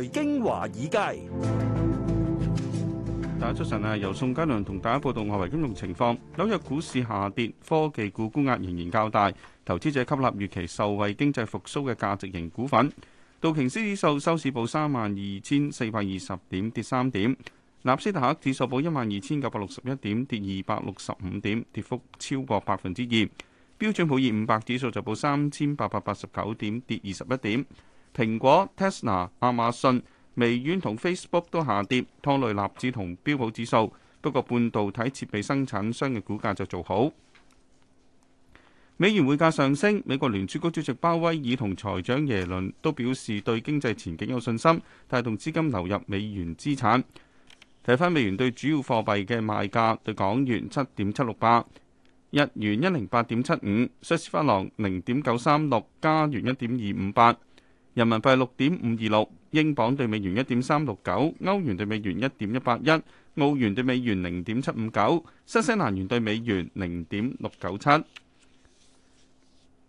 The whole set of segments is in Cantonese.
財經華爾街，大家早晨啊！由宋嘉良同大家報道外圍金融情況。紐約股市下跌，科技股沽壓仍然較大，投資者吸納預期受惠經濟復蘇嘅價值型股份。道瓊斯指數收市報三萬二千四百二十點，跌三點；納斯達克指數報一萬二千九百六十一點，跌二百六十五點，跌幅超過百分之二；標準普爾五百指數就報三千八百八十九點，跌二十一點。蘋果、Tesla、亞馬遜、微軟同 Facebook 都下跌，拖累納指同標普指數。不過，半導體設備生產商嘅股價就做好。美元匯價上升，美國聯儲局主席鮑威爾同財長耶倫都表示對經濟前景有信心，帶動資金流入美元資產。睇翻美元對主要貨幣嘅賣價，對港元七點七六八，日元一零八點七五，瑞士法郎零點九三六，加元一點二五八。人民幣六點五二六，英鎊對美元一點三六九，歐元對美元一點一八一，澳元對美元零點七五九，新西蘭元對美元零點六九七。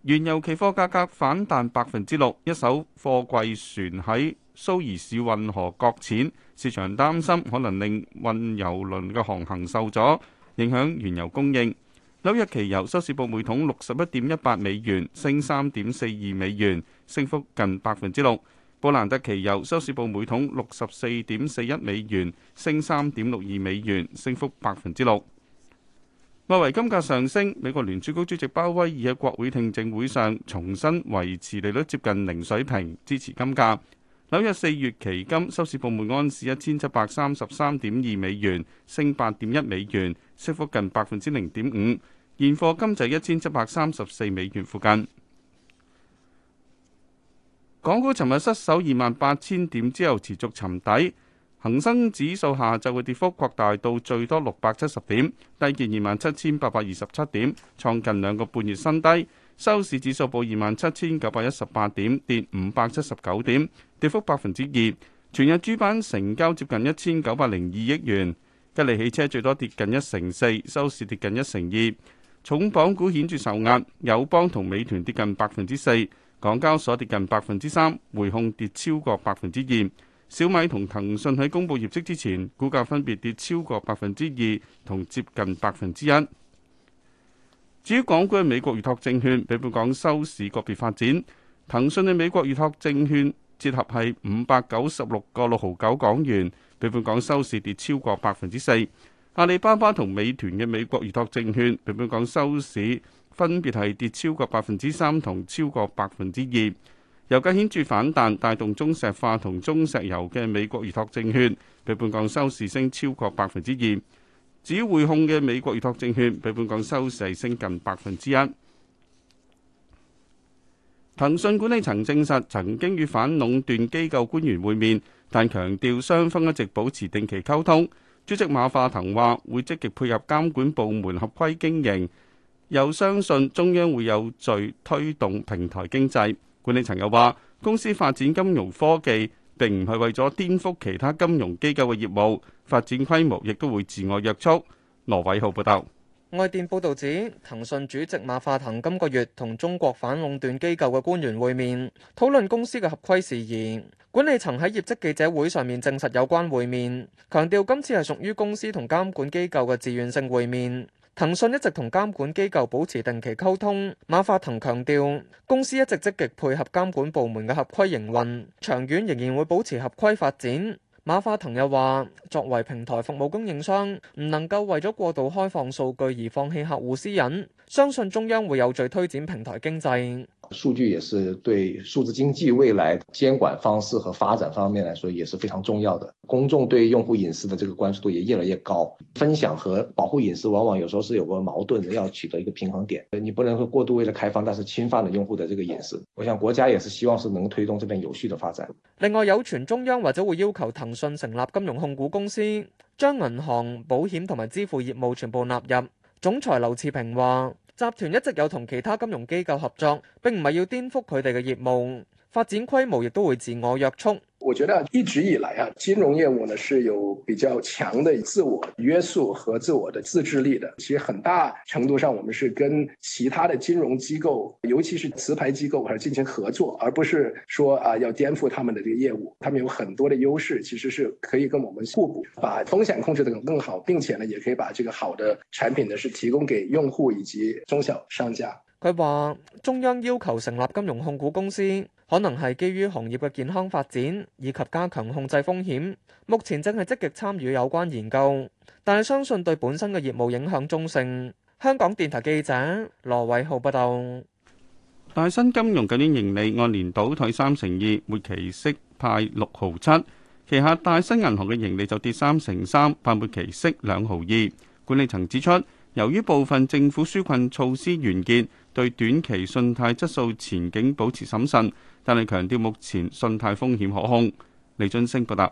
原油期貨價格反彈百分之六，一艘貨櫃船喺蘇伊士運河擱淺，市場擔心可能令運油輪嘅航行受阻，影響原油供應。紐約期油收市報每桶六十一點一八美元，升三點四二美元。升幅近百分之六。布蘭特期油收市報每桶六十四點四一美元，升三點六二美元，升幅百分之六。外圍金價上升，美國聯儲局主席鮑威爾喺國會聽證會上重申維持利率接近零水平，支持金價。紐約四月期金收市報每安士一千七百三十三點二美元，升八點一美元，升幅近百分之零點五。現貨金就一千七百三十四美元附近。港股尋日失守二萬八千點之後持續沉底，恒生指數下晝嘅跌幅擴大到最多六百七十點，低至二萬七千八百二十七點，創近兩個半月新低。收市指數報二萬七千九百一十八點，跌五百七十九點，跌幅百分之二。全日主板成交接近一千九百零二億元。吉利汽車最多跌近一成四，收市跌近一成二。重磅股顯著受壓，友邦同美團跌近百分之四。港交所跌近百分之三，回控跌超過百分之二。小米同騰訊喺公布業績之前，股價分別跌超過百分之二同接近百分之一。至於港股嘅美國預託證券，比本港收市個別發展。騰訊嘅美國預託證券折合係五百九十六個六毫九港元，比本港收市跌超過百分之四。阿里巴巴同美團嘅美國預託證券，比本港收市，分別係跌超過百分之三同超過百分之二，油價顯著反彈，帶動中石化同中石油嘅美國預託證券，比本港收市升超過百分之二，至於匯控嘅美國預託證券，比本港收市升近百分之一。騰訊管理層證實曾經與反壟斷機構官員會面，但強調雙方一直保持定期溝通。主席馬化騰話會積極配合監管部門合規經營。又相信中央會有序推動平台經濟。管理層又話：公司發展金融科技並唔係為咗顛覆其他金融機構嘅業務，發展規模亦都會自我約束。羅偉浩報道。外電報道指，騰訊主席馬化騰今個月同中國反壟斷機構嘅官員會面，討論公司嘅合規事宜。管理層喺業績記者會上面證實有關會面，強調今次係屬於公司同監管機構嘅自願性會面。騰訊一直同監管機構保持定期溝通，馬化騰強調，公司一直積極配合監管部門嘅合規營運，長遠仍然會保持合規發展。馬化騰又話：作為平台服務供應商，唔能夠為咗過度開放數據而放棄客戶私隱。相信中央會有序推展平台經濟。數據也是對數字經濟未來監管方式和發展方面來說也是非常重要的。公眾對用戶隱私的這個關注度也越來越高，分享和保護隱私往往有時候是有個矛盾，要取得一個平衡點。你不能說過度為了開放，但是侵犯了用戶的這個隱私。我想國家也是希望是能推動這邊有序的發展。另外有傳中央或者會要求騰。信成立金融控股公司，將銀行、保險同埋支付業務全部納入。總裁劉志平話，集團一直有同其他金融機構合作，並唔係要顛覆佢哋嘅業務。發展規模也都會自我約束。我覺得一直以來啊，金融業務呢是有比較強的自我約束和自我的自制力的。其實很大程度上，我們是跟其他的金融機構，尤其是持牌機構，還是進行合作，而不是說啊要顛覆他們的這個業務。他們有很多的優勢，其實是可以跟我們互補，把風險控制得更好，並且呢，也可以把這個好的產品呢，是提供給用戶以及中小商家。佢話中央要求成立金融控股公司，可能係基於行業嘅健康發展以及加強控制風險。目前正係積極參與有關研究，但係相信對本身嘅業務影響中性。香港電台記者羅偉浩報道。大新金融舊年盈利按年倒退三成二，末期息派六毫七。旗下大新銀行嘅盈利就跌三成三，派末期息兩毫二。管理層指出。由於部分政府紓困措施完結，對短期信貸質素前景保持審慎，但係強調目前信貸風險可控。李俊升報道。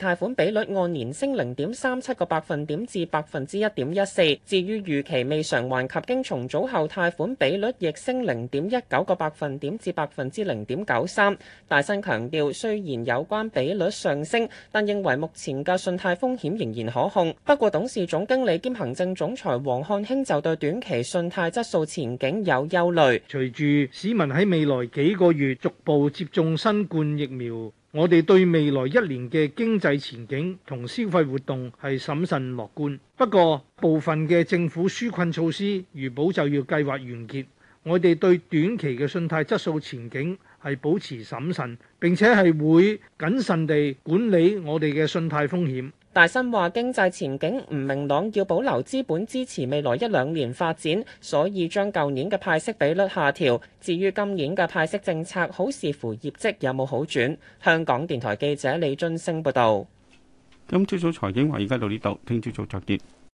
貸款比率按年升零點三七個百分點至百分之一點一四，至於逾期未償還及經重組後貸款比率亦升零點一九個百分點至百分之零點九三。大新強調，雖然有關比率上升，但認為目前嘅信貸風險仍然可控。不過，董事總經理兼行政總裁黃漢興就對短期信貸質素前景有憂慮。隨住市民喺未來幾個月逐步接種新冠疫苗。我哋對未來一年嘅經濟前景同消費活動係審慎樂觀，不過部分嘅政府紓困措施如保就業計劃完結。我哋對短期嘅信貸質素前景係保持審慎，並且係會謹慎地管理我哋嘅信貸風險。大新話經濟前景唔明朗，要保留資本支持未來一兩年發展，所以將舊年嘅派息比率下調。至於今年嘅派息政策，好視乎業績有冇好轉。香港電台記者李津升報道。今朝早財經話而家到呢度，聽朝早再見。